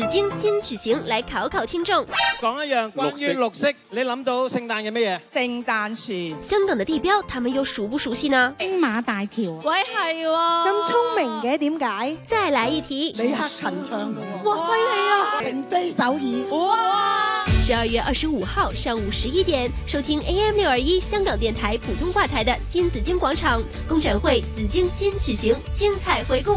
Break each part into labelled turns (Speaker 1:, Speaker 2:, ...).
Speaker 1: 紫荊金曲行來考考聽眾。講一樣關於綠色，你諗到聖誕有乜嘢？聖誕樹。香港的地標，他們又熟不熟悉呢？兵馬大橋。喂、哦，係。咁聰明嘅，點解？再嚟一題李克勤唱嘅。哇，犀利啊！並飛首爾。哇！十二月二十五號上午十一點，收聽 AM 六二一香港電台普通話台的《金紫荊廣場工展會紫荊金曲行》精彩回顧。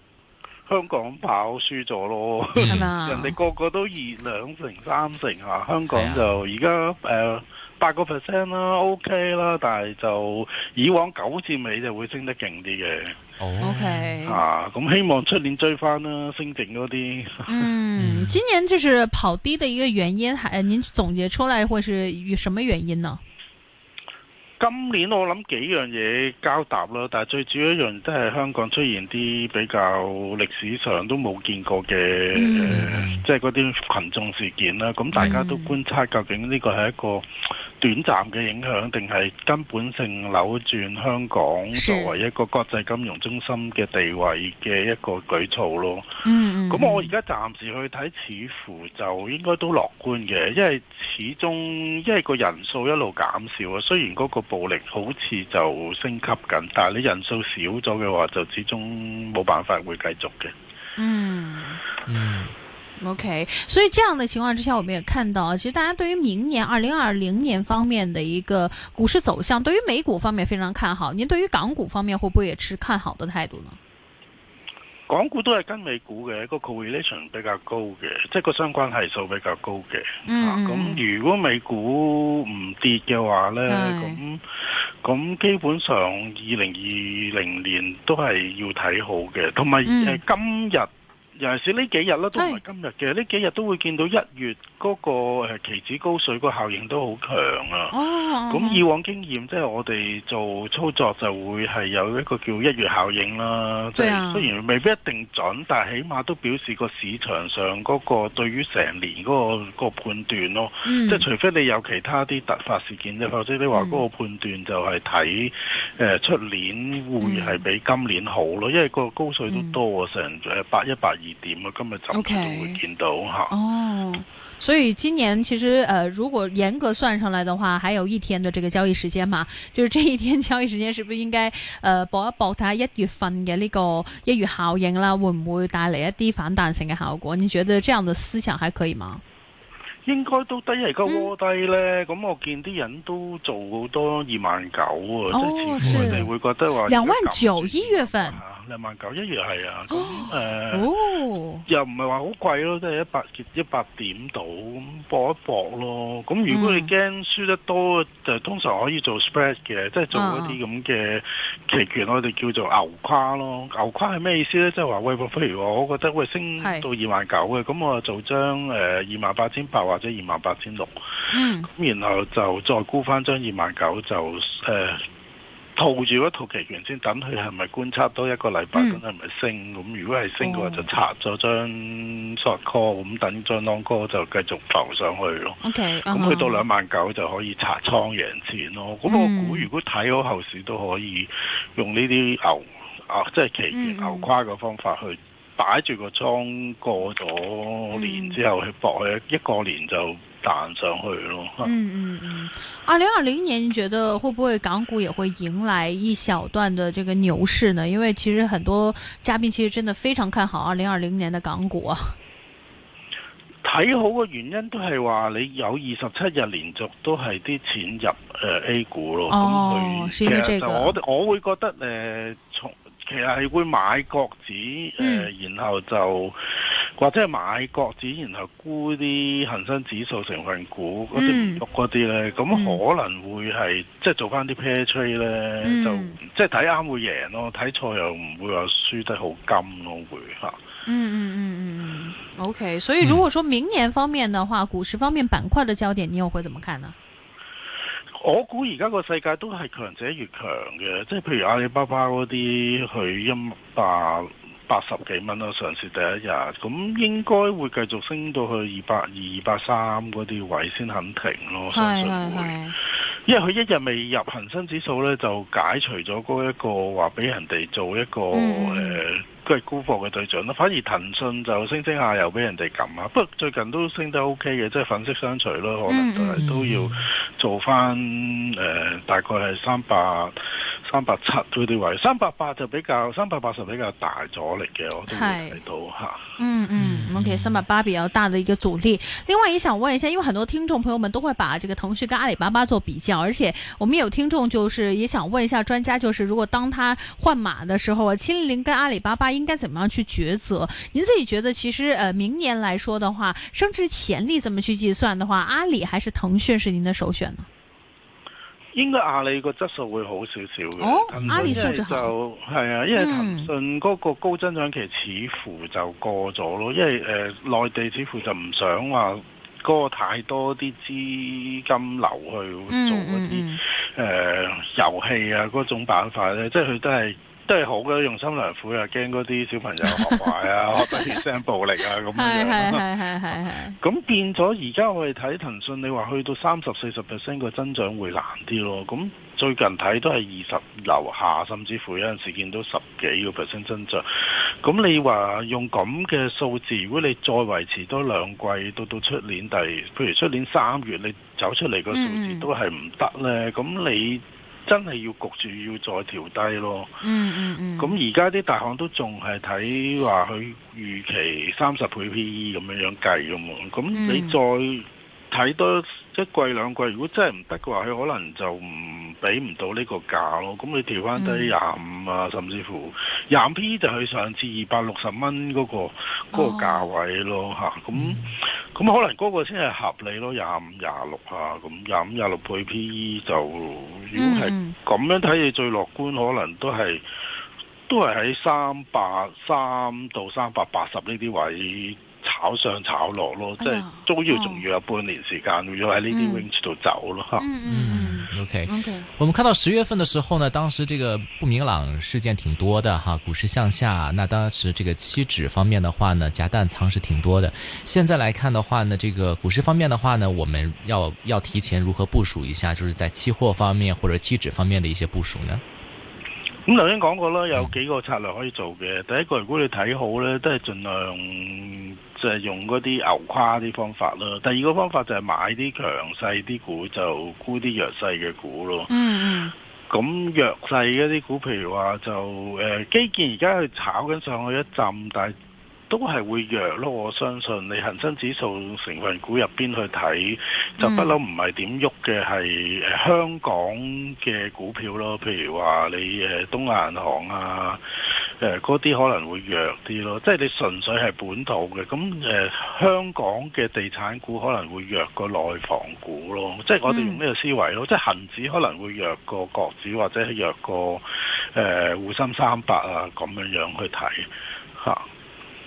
Speaker 2: 香港跑輸咗咯，係咪啊、人哋個個都二兩成三成啊，香港就而家誒八個 percent 啦，OK 啦，但係就以往九字尾就會升得勁啲嘅。OK 啊，咁希望出年追翻啦，升勁嗰啲。嗯，嗯
Speaker 1: 今年就是跑低的一個原因，係、呃、您總結出來，會係什麼原因呢？
Speaker 2: 今年我諗幾樣嘢交答啦，但係最主要一樣都係香港出現啲比較歷史上都冇見過嘅，即係嗰啲群眾事件啦。咁大家都觀察究竟呢個係一個。短暫嘅影響，定係根本性扭轉香港作為一個國際金融中心嘅地位嘅一個舉措咯。嗯嗯、
Speaker 3: mm hmm. 咁我而家
Speaker 2: 暫時去睇，似乎就應該都樂觀嘅，因為始終因為個人數一路減少啊。雖然嗰個暴力好似就升級緊，但係你人數少咗嘅話，就始終冇辦法會繼續嘅。嗯嗯、
Speaker 3: mm-hmm.
Speaker 1: O、okay. K，所以這樣的情況之下，我們也看到，其實大家對於明年二零二零年方面的一個股市走向，對於美股方面非常看好。您對於港股方面，會不會也持看好的態度呢？
Speaker 2: 港股都係跟美股嘅，個 correlation 比較高嘅，即係個相關係數比較高嘅。
Speaker 1: 咁、嗯啊、
Speaker 2: 如果美股唔跌嘅話呢，咁咁對基本上二零二零年都係要睇好嘅，同埋、嗯呃、今日。尤其是呢幾日啦，都唔係今日嘅。呢是幾日都會見到一月嗰、那個誒期指高水個效應都好強啊。咁、啊、以往經驗即係我哋做操作就會係有一個叫一月效應啦。即係、啊、雖然未必一定準，準，但係起碼都表示個市場上嗰、那個對於成年嗰、那個那個判斷咯。嗯、即係除非你有其他啲突發事件啫。或者你話嗰個判斷就係睇誒出年會係比今年好咯，因為個高水都多啊，成誒百一百二。點啊！今日暫時都會見到吓。哦
Speaker 1: ，okay. oh, 所以今年其實，誒、呃，如果嚴格算上嚟嘅話，還有一天嘅這個交易時間嘛？就係這一天交易時間，是不是應該誒搏、呃、一搏睇下一月份嘅呢個一月效應啦？會唔會帶嚟一啲反彈性嘅效果？你覺得這樣的思想還可以嗎？
Speaker 2: 應該都低係個窩低咧，咁、嗯、我見啲人都做好多二萬九啊，之前我會覺得話兩萬九一月份。兩萬九，一樣係啊，咁誒、哦呃，又唔係話好貴咯，即係一百一百點到，咁搏一搏咯。咁如果你驚輸得多，嗯、就通常可以做 spread 嘅，即係做一啲咁嘅期權，哦、我哋叫做牛跨咯。牛跨係咩意思咧？即係話喂，譬如我覺得喂升到二萬九嘅，咁是我就做張誒二萬八千八或者二萬八千六，咁然後就再沽翻張二萬九就誒。呃套住一套期權，先等佢係咪觀察多一個禮拜，跟住係咪升？咁如果係升嘅話就 call，哦，就拆咗張 short call，咁等張 long call 就繼續浮上去咯。咁、
Speaker 3: okay, uh huh, 去到兩
Speaker 2: 萬九就可以拆倉贏錢咯。咁我估如果睇好後市都可以用呢啲牛、嗯、啊，即係期權牛跨嘅方法去擺住個倉過咗年之後去搏、嗯、一個年就。彈上去咯。嗯
Speaker 1: 嗯嗯，二零二零年你覺得會不會港股也會迎來一小段嘅這個牛市呢？因為其實很多嘉賓其實真的非常看好二零二零年的港股啊。
Speaker 2: 睇好嘅原因都係話你有二十七日連續都係啲錢入誒、呃、A 股咯。哦，係因為、嗯、這個。我我會覺得誒、呃，從其實係會買國指誒，呃嗯、然後就。或者係買國指，然後沽啲恒生指數成分股嗰啲，唔熟嗰啲咧，咁可能會係、嗯、即係做翻啲 pair trade 咧、嗯，就即係睇啱會贏咯，睇錯又唔會話輸得好金咯，會吓、嗯。嗯
Speaker 1: 嗯嗯 okay，嗯，OK。所以如果說明年方面嘅話，股市方面板塊嘅焦點，你又會怎麼看呢？
Speaker 2: 我估而家個世界都係強者越強嘅，即係譬如阿里巴巴嗰啲佢音樂。八十幾蚊咯，上市第一日，咁應該會繼續升到去二百、二百三嗰啲位先肯停咯，我相信會。是是是，因為佢一日未入恒生指數呢，就解除咗嗰一個話俾人哋做一個誒。嗯佢係沽貨嘅對象咯，反而騰訊就升升下又俾人哋撳啊！不過最近都升得 O K 嘅，即係粉色相隨咯，可能都係、嗯、都要做翻誒、呃、大概係三百三百七，佢哋話三百八，就比較三百八十比較大阻力嘅，我哋睇到嚇。
Speaker 1: 嗯、啊、嗯，OK，三百八比較大嘅一個阻力。另外，也想問一下，因為很多聽眾朋友們都會把這個騰訊跟阿里巴巴做比較，而且我們有聽眾就是也想問一下專家，就是如果當他換馬的時候，啊，清零跟阿里巴巴。應該怎麼樣去抉擇？您自己覺得，其實，呃，明年來說的話，升值潛力怎麼去計算的話，阿里還是騰訊是您的首選呢？
Speaker 2: 應該阿里個質素會好少少嘅，哦，就阿里質素好，係啊，因為騰訊嗰個高增長期似乎就過咗咯，嗯、因為誒、呃、內地似乎就唔想話過太多啲資金流去做嗰啲誒遊戲啊嗰種板塊咧，即係佢都係。真係好嘅，用心良苦又驚嗰啲小朋友學壞啊， 學得血腥暴力啊咁樣。係係係係，咁變咗，而家我哋睇騰訊，你話去到三十、四十 percent 個增長會難啲咯。咁最近睇都係二十樓下，甚至乎有陣時見到十幾個 percent 增長。咁你話用咁嘅數字，如果你再維持多兩季，到到出年第，譬如出年三月你走出嚟個數字都係唔得咧。咁、嗯、你？真係要焗住要再調低咯，嗯嗯嗯，咁而家啲大行都仲係睇話，佢預期三十倍 PE 咁樣樣計噶嘛，咁你再。嗯睇多一季兩季，如果真係唔得嘅話，佢可能就唔俾唔到呢個價咯。咁你調翻低廿五啊，甚至乎廿五 P 就去上次二百六十蚊嗰個嗰、哦、個價位咯咁咁、嗯、可能嗰個先係合理咯，廿五廿六啊。咁廿五廿六配 PE 就，如果係咁樣睇你最樂觀，嗯、可能都係都係喺三百三到三百八十呢啲位。炒上炒落咯，即係都要仲要有半年時間，哎、呀要喺呢啲 room 度走咯。嗯
Speaker 4: 嗯，OK OK。我們看到十月份的時候呢，當時這個不明朗事件挺多的哈、啊，股市向下。那當時這個期指方面的話呢，夾淡倉是挺多的。現在來看的話呢，這個股市方面的話呢，我們要要提前如何部署一下，就是在期貨方面或者期指方面的一些部署呢？
Speaker 2: 咁頭先講過啦，有幾個策略可以做嘅。第一個，如果你睇好咧，都係盡量就係用嗰啲牛跨啲方法囉；第二個方法就係買啲強勢啲股，就沽啲弱勢嘅股咯。嗯
Speaker 3: 嗯。
Speaker 2: 咁弱勢嗰啲股，譬如話就誒、呃、基建而家去炒緊上去一浸，但係，都係會弱咯，我相信你恒生指數成分股入邊去睇，就不嬲唔係點喐嘅，係香港嘅股票咯，譬如話你誒東亞銀行啊，嗰、呃、啲可能會弱啲咯，即係你純粹係本土嘅。咁、呃、香港嘅地產股可能會弱過內房股咯，即係我哋用呢個思維咯，即係恒指可能會弱過國指或者係弱過誒滬深三百啊，咁樣樣去睇嚇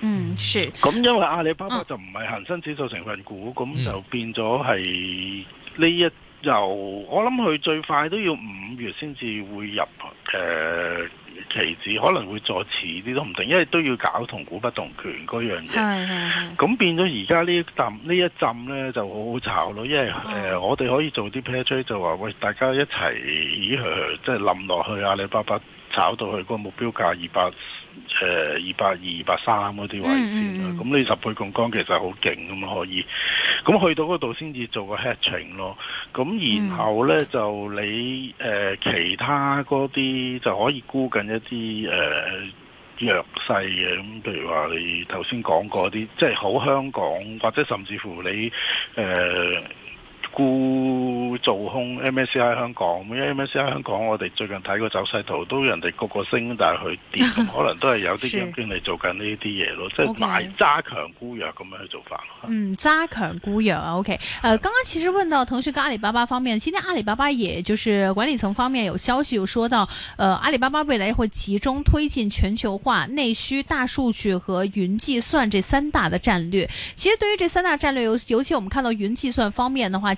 Speaker 2: 嗯，是。咁因為阿里巴巴就唔係恒生指數成分股，咁、嗯、就變咗係呢一由，我諗佢最快都要五月先至會入誒、呃、期指，可能會再遲啲都唔定，因為都要搞同股不同權嗰樣嘢。咁變咗而家呢一浸呢一浸呢就好好炒咯，因為誒、嗯呃、我哋可以做啲 pair trade 就話，喂，大家一齊咦即係冧落去阿里巴巴。找到去個目標價二百、呃，誒二百二、二百三嗰啲位置，咁、嗯嗯嗯、你十倍槓桿其實好勁咁可以，咁去到嗰度先至做個 hatching 咯。咁然後咧、嗯嗯、就你誒、呃、其他嗰啲就可以估緊一啲誒、呃、弱勢嘅。咁譬如話你頭先講過啲，即、就、係、是、好香港或者甚至乎你誒。呃沽做空 MSCI 香港，因為 MSCI 香港我哋最近睇過走勢圖，都人哋個個升，但係佢跌，可能都係有啲基金經理做緊呢啲嘢咯， 是即係賣揸強沽弱咁樣去做法。
Speaker 1: Okay. 嗯，揸強沽弱啊，OK。誒，剛剛其實問到騰訊跟阿里巴巴方面，今天阿里巴巴也就是管理層方面有消息，又說到，誒、呃，阿里巴巴未來會集中推進全球化、內需、大數據和雲計算這三大的戰略。其實對於這三大戰略，尤尤其我們看到雲計算方面嘅話。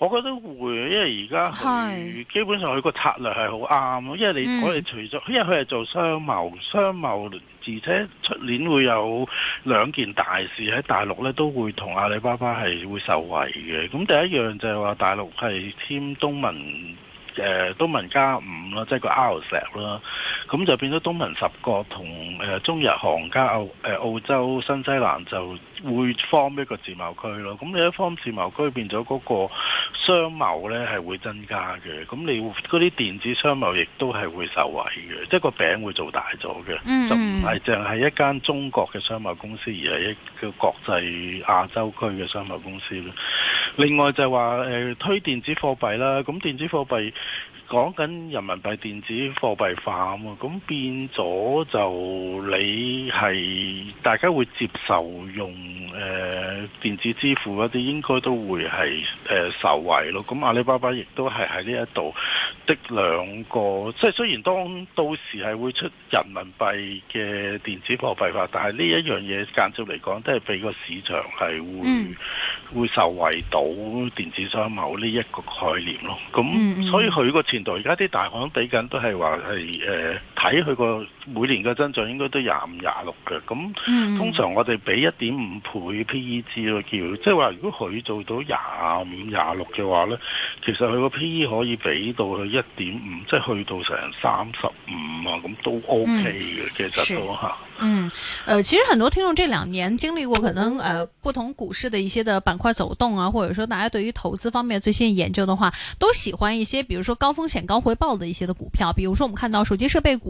Speaker 2: 我覺得會，因為而家佢基本上佢個策略係好啱咯，因為你、嗯、我哋除咗，因為佢係做商貿，商貿，而且出年會有兩件大事，喺大陸咧，都會同阿里巴巴係會受惠嘅。咁第一樣就係話大陸係簽東盟。誒東盟加五啦，即係個 RCEP 啦，咁就變咗東盟十國同誒中日韓加澳、澳洲新西蘭，就會 form 一個自貿區咯。咁你一 form 自貿區，變咗嗰個商貿咧係會增加嘅。咁你嗰啲電子商貿亦都係會受惠嘅，即係個餅會做大咗嘅，就唔係淨係一間中國嘅商貿公司，而係一個國際亞洲區嘅商貿公司咯。另外就係話誒推電子貨幣啦，咁電子貨幣。講緊人民幣電子貨幣化啊嘛，咁變咗就你係大家會接受用誒、呃、電子支付嗰啲，應該都會係誒、呃、受惠咯。咁阿里巴巴亦都係喺呢一度的兩個，即係雖然當到時係會出人民幣嘅電子貨幣化，但係呢一樣嘢間接嚟講都係俾個市場係會、嗯、會受惠到電子商貿呢一個概念咯。咁、嗯、所以佢個前而家啲大行比緊，都係話係誒。睇佢個每年嘅增長應該都廿五廿六嘅，咁通常我哋俾一點五倍 PEG 咯叫，即係話如果佢做到廿五廿六嘅話咧，其實佢個 PE 可以俾到佢一點五，即係去到成三十五啊，咁都 O K 嘅，其實都嚇。嗯，誒、
Speaker 1: 呃，其實很多聽眾這兩年經歷過可能誒、呃、不同股市的一些的板塊走動啊，或者說大家對於投資方面最新研究的話，都喜歡一些，比如說高風險高回報的一些的股票，比如說我們看到手機設備股。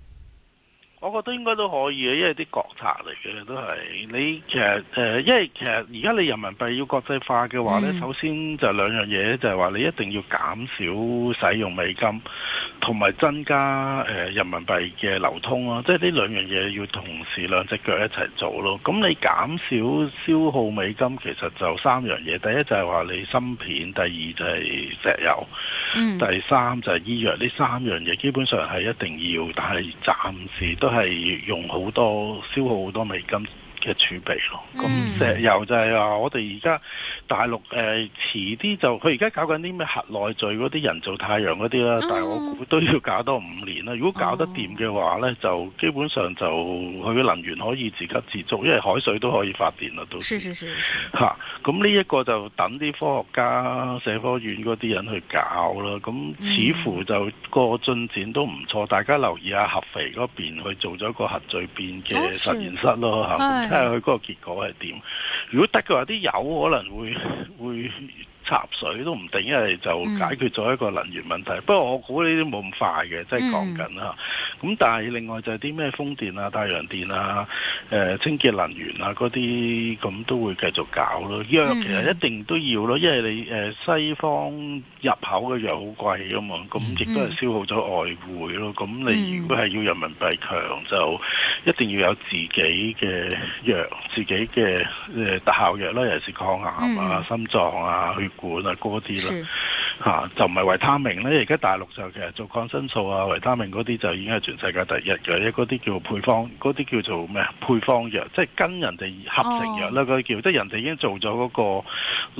Speaker 2: 我覺得應該都可以嘅，因為啲國策嚟嘅都係你其實誒、呃，因為其實而家你人民幣要國際化嘅話咧，嗯、首先就兩樣嘢，就係、是、話你一定要減少使用美金，同埋增加、呃、人民幣嘅流通啊。即係呢兩樣嘢要同時兩隻腳一齊做咯。咁你減少消耗美金，其實就三樣嘢，第一就係話你芯片，第二就係石油，嗯、第三就係醫藥。呢三樣嘢基本上係一定要，但係暫時都係用好多，消耗好多美金。嘅儲備咯，咁石油就係話我哋而家大陸誒、呃、遲啲就佢而家搞緊啲咩核內聚嗰啲人造太陽嗰啲啦，嗯、但係我估都要搞多五年啦。如果搞得掂嘅話咧，嗯、就基本上就佢嘅能源可以自給自足，因為海水都可以發電啦，都係。係係係。嚇！咁呢一個就等啲科學家、社科院嗰啲人去搞啦。咁似乎就個進展都唔錯。大家留意下合肥嗰邊去做咗個核聚變嘅實驗室咯、嗯睇下佢嗰個結果係點？如果得嘅話，啲油可能會會，插水都唔定，因為就解決咗一個能源問題。嗯、不過我估呢啲冇咁快嘅，即係、嗯、講緊嚇。咁、嗯、但係另外就係啲咩風電啊、太陽電啊、誒、呃、清潔能源啊嗰啲，咁都會繼續搞咯。藥其實一定都要咯，因為你誒、呃、西方入口嘅藥好貴啊嘛，咁亦都係消耗咗外匯咯。咁、嗯、你如果係要人民幣強，嗯、就一定要有自己嘅藥，嗯、自己嘅誒特效藥啦，尤其是抗癌啊、嗯、心臟啊去。管啊啲啦嚇，就唔係維他命咧。而家大陸就其實做抗生素啊、維他命嗰啲就已經係全世界第一嘅，一嗰啲叫配方，嗰啲叫做咩啊？配方藥，即、就、係、是、跟人哋合成藥咧，嗰啲、oh. 叫即係人哋已經做咗嗰、那個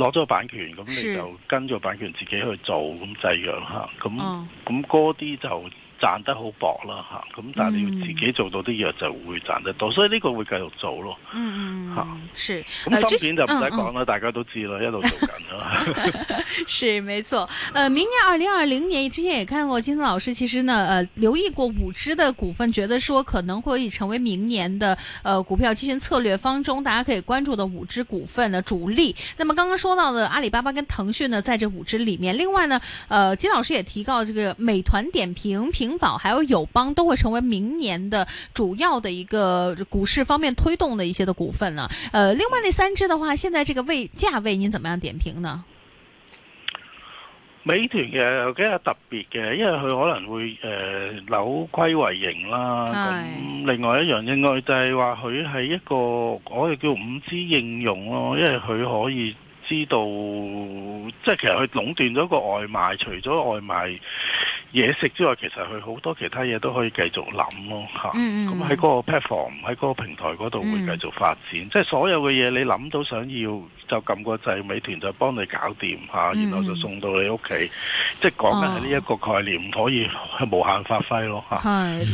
Speaker 2: 攞咗版權，咁你就跟咗版權自己去做咁製藥嚇。咁咁嗰啲就。賺得好薄啦嚇，咁、啊、但係你要自己做到啲嘢就會賺得到，嗯、所以呢個會繼續做咯。嗯，嚇、啊，是。咁今年就唔使講啦，嗯、大家都知啦，一路做緊啦。
Speaker 1: 是，冇錯。誒、呃，明年二零二零年之前也看過，金老師其實呢誒、呃、留意過五支的股份，覺得說可能會成為明年的誒、呃、股票基金策略方中大家可以關注的五支股份的主力。那麼剛剛說到的阿里巴巴跟騰訊呢，在這五支裡面，另外呢誒、呃、金老師也提到這個美團點評平。寶還有友邦都會成為明年的主要的一個股市方面推動的一些的股份呢、啊。呃，另外那三隻的話，現在這個位價位，您怎麼樣點評呢？
Speaker 2: 美團嘅有幾特別嘅，因為佢可能會誒、呃、扭虧為盈啦。咁唉另外一樣，應該就係話佢係一個我哋叫五 G 應用咯，嗯、因為佢可以知道，即係其實佢壟斷咗個外賣，除咗外賣。嘢食之外，其實佢好多其他嘢都可以繼續諗咯嚇。咁喺嗰個 platform 喺嗰個平台嗰度會繼續發展，嗯、即係所有嘅嘢你諗到想要就撳個掣，美團就幫你搞掂嚇，然後就送到你屋企。嗯嗯，即係講緊係呢一個概念，啊、可以係無限發揮咯嚇。
Speaker 1: 係是，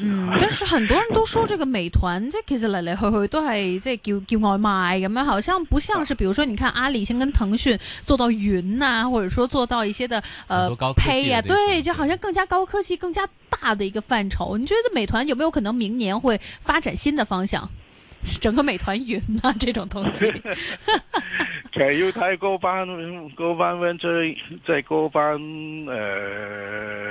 Speaker 1: 嗯， 但是很多人都說這個美團即係其實嚟嚟去去都係即係叫叫外賣咁樣，好像不像是，比如說你看阿里先跟騰訊做到雲啊，或者說做到一些嘅。呃，呸呀、呃，對。好像更加高科技，更加大的一個範疇，你覺得美團有沒有可能明年會發展新的方向？整個美團雲啊，這種東西。
Speaker 2: 其實要睇嗰班，嗰班 venture 即係嗰班誒，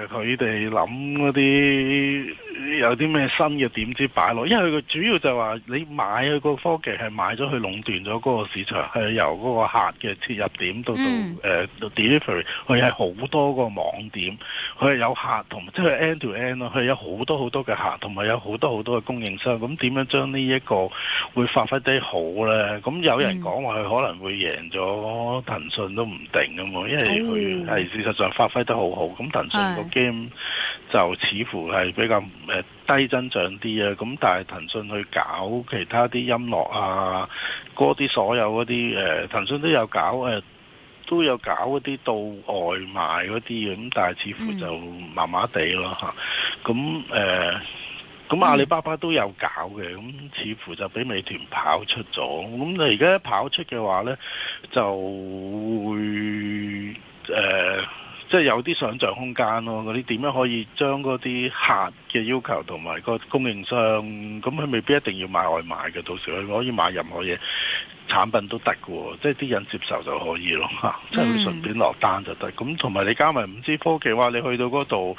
Speaker 2: 佢哋諗嗰啲。有啲咩新嘅點子擺落，因為佢主要就話你買佢個科技係買咗佢壟斷咗嗰個市場，係由嗰個客嘅切入點到到誒、嗯、delivery，佢係好多個網點，佢係有客同即係 end to end 咯，佢有好多好多嘅客，同埋有好多好多嘅供應商，咁點樣將呢一個會發揮得好咧？咁有人講話佢可能會贏咗騰訊都唔定㗎嘛，因為佢係事實上發揮得好好，咁騰訊個 game 就似乎係比較。誒低增長啲啊，咁但係騰訊去搞其他啲音樂啊，嗰啲所有嗰啲誒，騰訊都有搞誒，都有搞嗰啲到外賣嗰啲嘅，咁但係似乎就麻麻地咯嚇，咁誒，咁、嗯呃、阿里巴巴都有搞嘅，咁似乎就俾美團跑出咗，咁你而家一跑出嘅話咧，就會誒。呃即係有啲想像空間咯，嗰啲點樣可以將嗰啲客嘅要求同埋個供應商，咁佢未必一定要買外賣嘅，到時佢可以買任何嘢產品都得嘅，即係啲人接受就可以咯嚇，即係佢順便落單就得。咁同埋你加埋五 G 科技嘅話，你去到嗰度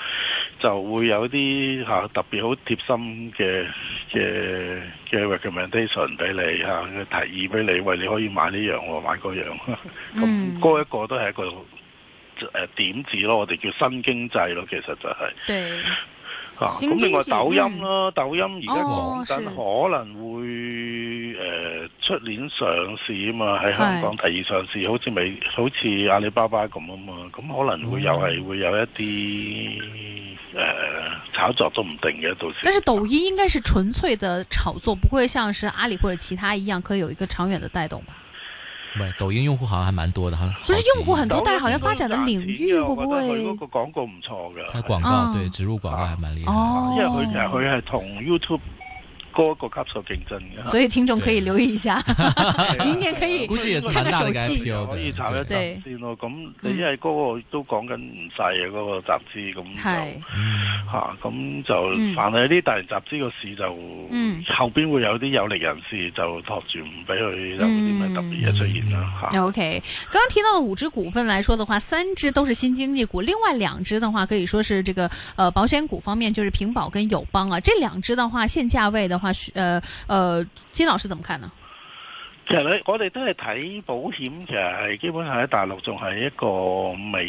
Speaker 2: 就會有啲嚇特別好貼心嘅嘅嘅 recommendation 俾你嚇，提議俾你喂，你可以買呢樣買嗰樣，咁嗰、mm. 一個都係一個。誒、呃，點子咯，我哋叫新經濟咯，其實就係、是。對。咁、啊、另外抖音咯，抖音而家可能可能會誒出、呃、年上市啊嘛，喺香港第二上市，好似美好似阿里巴巴咁啊嘛，咁可能會又係、嗯、會有一啲誒、呃、炒作都唔定嘅，到時。但是抖音
Speaker 1: 應該是純粹的炒作，不會像是阿里或者其他一樣，可以有一個長遠的帶動吧。
Speaker 4: 喂，抖音用戶好像還蠻多的哈。好好不
Speaker 1: 是用戶很多，但是好像發展的領域會不會？的我他個
Speaker 4: 廣告不錯的佢廣告對植入廣告還蠻厲
Speaker 1: 害的，啊啊哦、因為佢其實
Speaker 4: 佢係同
Speaker 2: YouTube。嗰個級數競爭嘅，所以聽眾可以
Speaker 1: 留意一下，明年可以估睇下手期可
Speaker 2: 以查一查先咯。咁你因為嗰個都講緊唔細嘅嗰個集資，咁就嚇咁就凡係啲大型集資嘅市就後邊會有啲有力人士就托住唔俾佢有啲咩特別嘢出現啦。嚇。
Speaker 1: OK，剛剛提到嘅五隻股份嚟講嘅話，三隻都是新經濟股，另外兩隻嘅話，可以說是這個呃保險股方面，就是平保跟友邦啊。這兩隻嘅話，現價位嘅。話，呃呃，金老師怎麼看呢？
Speaker 2: 其實我哋都係睇保險，其實係基本上喺大陸仲係一個未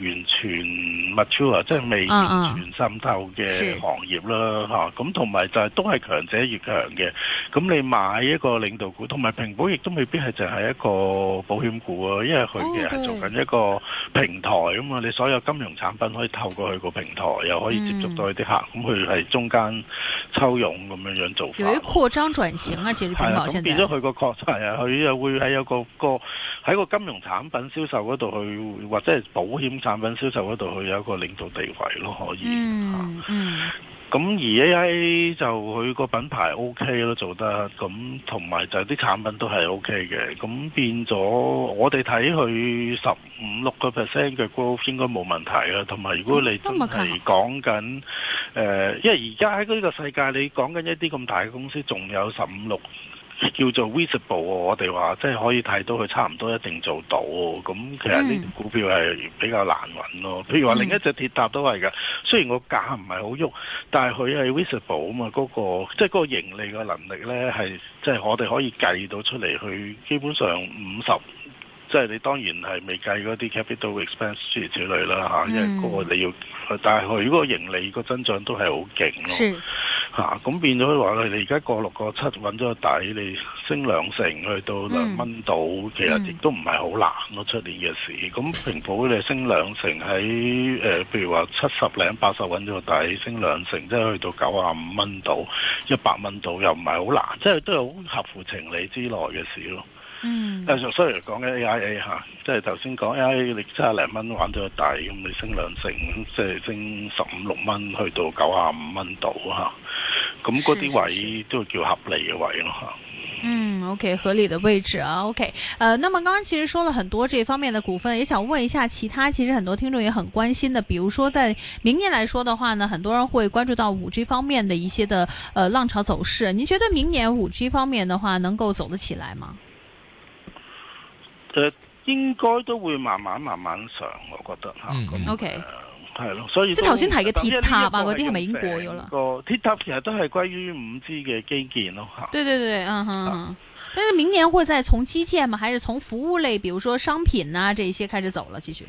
Speaker 2: 完全 mature 即係未完全滲透嘅行業啦吓，咁同埋就係、是、都係強者越強嘅。咁你買一個領導股，同埋平保亦都未必係就係一個保險股啊，因為佢嘅係做緊一個平台啊嘛。Oh, 對你所有金融產品可以透過佢個平台，又可以接觸到佢啲客，咁佢係中間抽傭咁樣樣做法。有一
Speaker 1: 擴張轉型啊，其實平保
Speaker 2: 先。個確係啊，佢又會喺有個個喺個,個金融產品銷售嗰度去，或者係保險產品銷售嗰度去有一個領導地位咯，可以
Speaker 3: 嗯，
Speaker 2: 咁、嗯啊、而 A. I. 就佢個品牌 O. K. 咯，做得咁同埋就啲產品都係 O. K. 嘅。咁變咗、嗯、我哋睇佢十五六個 percent 嘅 growth 應該冇問題啊。同埋如果你真係講緊誒，嗯嗯嗯、因為而家喺呢個世界，你講緊一啲咁大嘅公司，仲有十五六。叫做 visible，我哋話即係可以睇到佢差唔多一定做到。咁其實呢啲股票係比較難揾咯。譬如話另一隻鐵塔都係㗎，雖然個價唔係好喐，但係佢係 visible 啊嘛。嗰、嗰個即係嗰個盈利嘅能力呢，係即係我哋可以計到出嚟，佢基本上五十。即係你當然係未計嗰啲 capital expense 諸如此類啦吓，因為嗰個你要。但係佢嗰個盈利個增長都係好勁咯。咁、啊、變咗佢話，佢你而家過六個七揾咗個底，你升兩成去到兩蚊到，嗯、其實亦都唔係好難咯。出、嗯啊、年嘅事，咁平普你升兩成喺誒、呃，譬如話七十零八十揾咗個底，升兩成即係去到九啊五蚊到，一百蚊到又唔係好難，即係都有合乎情理之內嘅事咯。嗯，但係從收益講嘅 AIA 吓，即係頭先講 AIA 你七十零蚊玩咗大，咁你升兩成，即係升十五六蚊去到九十五蚊度吓，咁嗰啲位都叫合理嘅位咯吓。嗯
Speaker 1: ，OK，合理嘅位置啊，OK，誒、呃，那麼剛剛其實說了很多這方面的股份，也想問一下其他，其實很多聽眾也很關心的，比如說在明年來說的話呢，很多人會關注到五 G 方面的一些的，誒、呃，浪潮走勢，您覺得明年五 G 方面的話能夠走得起來嗎？
Speaker 2: 應該都會慢慢慢慢上，我覺得吓。O K，係咯，所以即係頭先提嘅鐵塔啊，嗰啲係咪已經過咗啦？個鐵塔其實都係關於五 G 嘅基建咯，吓。
Speaker 1: 對對對，啊啊、但是明年會再從基建嘛，還是從服務類，比如說商品啊這，這一些開始走了，繼續。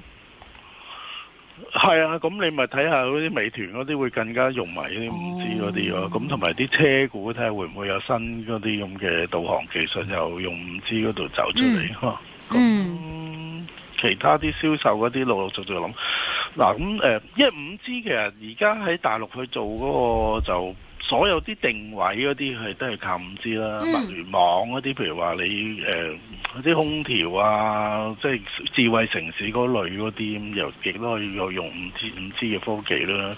Speaker 2: 係啊、哦，咁你咪睇下嗰啲美團嗰啲會更加用埋啲五 G 嗰啲咯，咁同埋啲車股睇下會唔會有新嗰啲咁嘅導航技術又用五 G 嗰度走出嚟嗯，其他啲銷售嗰啲陸陸續續諗，嗱咁誒，因為五 G 其實而家喺大陸去做嗰個就。所有啲定位嗰啲係都係靠五 G 啦，物聯網嗰啲，譬如話你誒嗰啲空調啊，即係智慧城市嗰類嗰啲，咁又亦都可以用用五 G 五 G 嘅科技啦。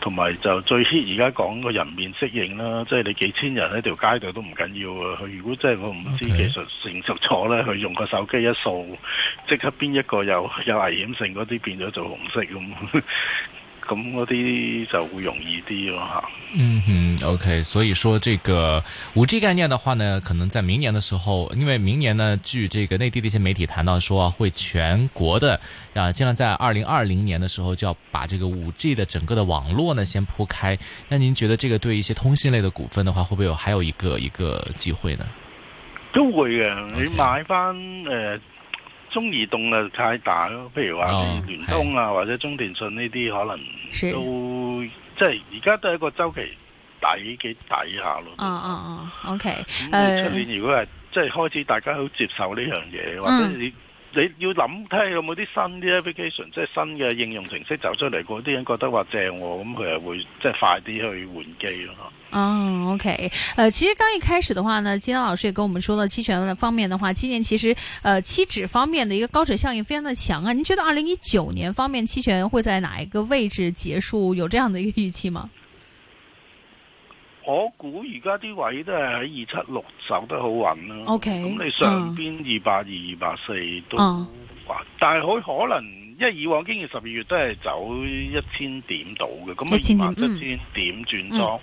Speaker 2: 同埋就最 hit 而家講個人面適應啦，即係你幾千人喺條街度都唔緊要啊。佢如果真係個五 G 技術成熟咗咧，佢用個手機一掃，即刻邊一個有有危險性嗰啲變咗做紅色咁。咁嗰啲就會容易啲
Speaker 4: 咯吓。嗯哼，OK，所以說這個五 G 概念的話呢，可能在明年的時候，因為明年呢，據這個內地的一些媒體談到說，會全國的啊，盡量在二零二零年的時候就要把這個五 G 的整個的網絡呢先鋪開。那您覺得這個對一些通信類的股份的話，會不會有還有一個一個機會呢？
Speaker 2: 都會啊。你買翻誒。OK 呃中移動啊太大咯，譬如話聯通啊，oh, 或者中電信呢啲可能都是即係而家都係一個周期底嘅底下咯。
Speaker 1: 哦哦哦，OK。出年
Speaker 2: 如果係即係開始，大家好接受呢樣嘢，或者你。Uh. 你要諗睇有冇啲新啲 application，即係新嘅應用程式走出嚟，嗰啲人覺得話正喎，咁佢係會即係快啲去換機咯。嗯
Speaker 1: ，OK，呃，其實剛一開始的話呢，金良老師也跟我們說到期權方面的話，今年其實呃期指方面的一個高水效應非常的強啊。你覺得二零一九年方面期權會在哪一個位置結束？有這樣的一個預期嗎？
Speaker 2: 我估而家啲位都係喺二七六走得好穩啦，啊。O K，咁你上邊二八二、二八四都，但係佢可能，因為以往經驗十二月都係走一千點到嘅，咁啊二萬七千點轉咗，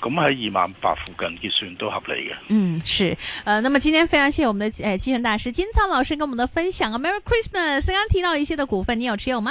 Speaker 2: 咁喺二萬八附近結算都合理嘅。嗯，
Speaker 1: 是，誒、呃，那麼今天非常謝謝我們嘅誒機選大師金曹老師跟我們的分享。A、Merry Christmas，剛提到一些的股份，你有持有嗎？